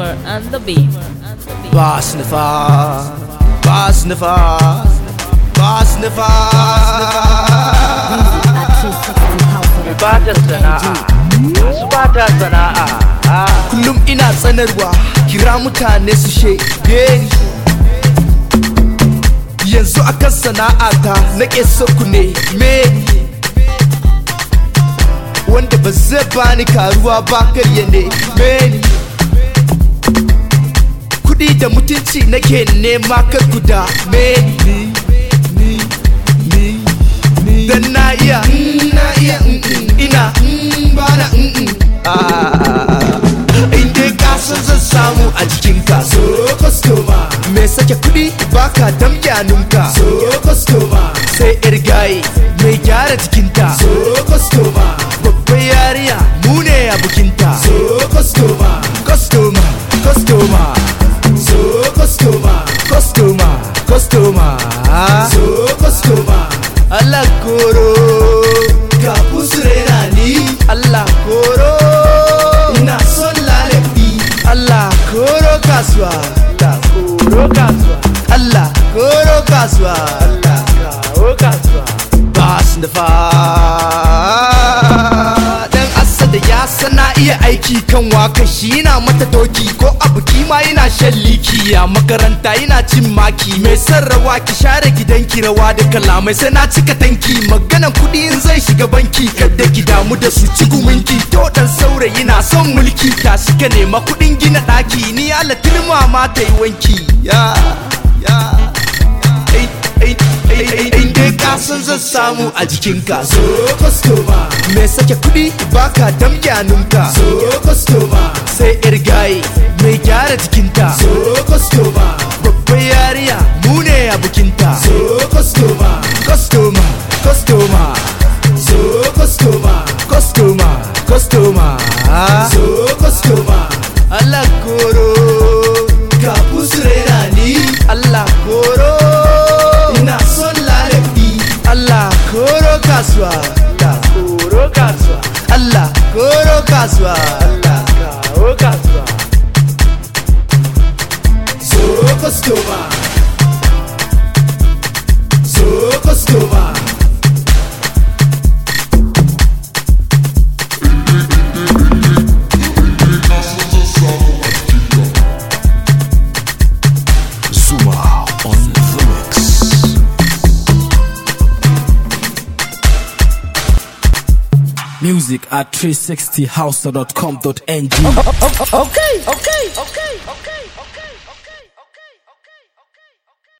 Beamer and the Beamer and the Beamer. Boss Nafar, Boss Nafar, Boss Nafar. Me ba ta sana'a, su ba ta sana'a. Kullum ina tsanarwa, kira mutane su shege. yanzu akan sana'ata na ƙesa ku ne me wanda ba zai bani karuwa ba karya ne me kuɗi da mutunci nake nema ka guda me dan na iya na iya ina mm, bana ah. in dai kasan zan samu a ka so customer me sake kuɗi baka nunka. so customer sai yar gaye mai gyara jikinta so customer babbar yariya mune ne a bikin customer, customer. So customer. Allah koro. Kapus renani. Allah koro. Ina son lalabi. Allah koro casua Allah koro casua Allah koro casua Allah koro casua Pass in the fire. iya aiki kan waka shi yana mata doki ko abu kima yana shan liki a makaranta yana cin maki mai rawa ki share gidanki rawa da kalamai sai na cika tanki maganan kuɗi in zai shiga banki kadda ki damu da su ci guminki to dan saurayi na son mulki ta ka nema kuɗin gina ɗaki ni ala tilma ma ta yi wanki ya zan samu a jikinka so kwastoma mai sake kuɗi baka damkyaninka so kwastoma sai yar gaye mai gyara jikinta so kwastoma babbar yariya mu ne a bukinta. so kostoma. kostoma. kwastoma so kostoma. kwastoma kwastoma so kwastoma Allah koro kaswa Allah koro kaswa Allah koro kaswa Allah koro kaswa So So Music at 360house.com.ng. Okay, okay, okay, okay, okay.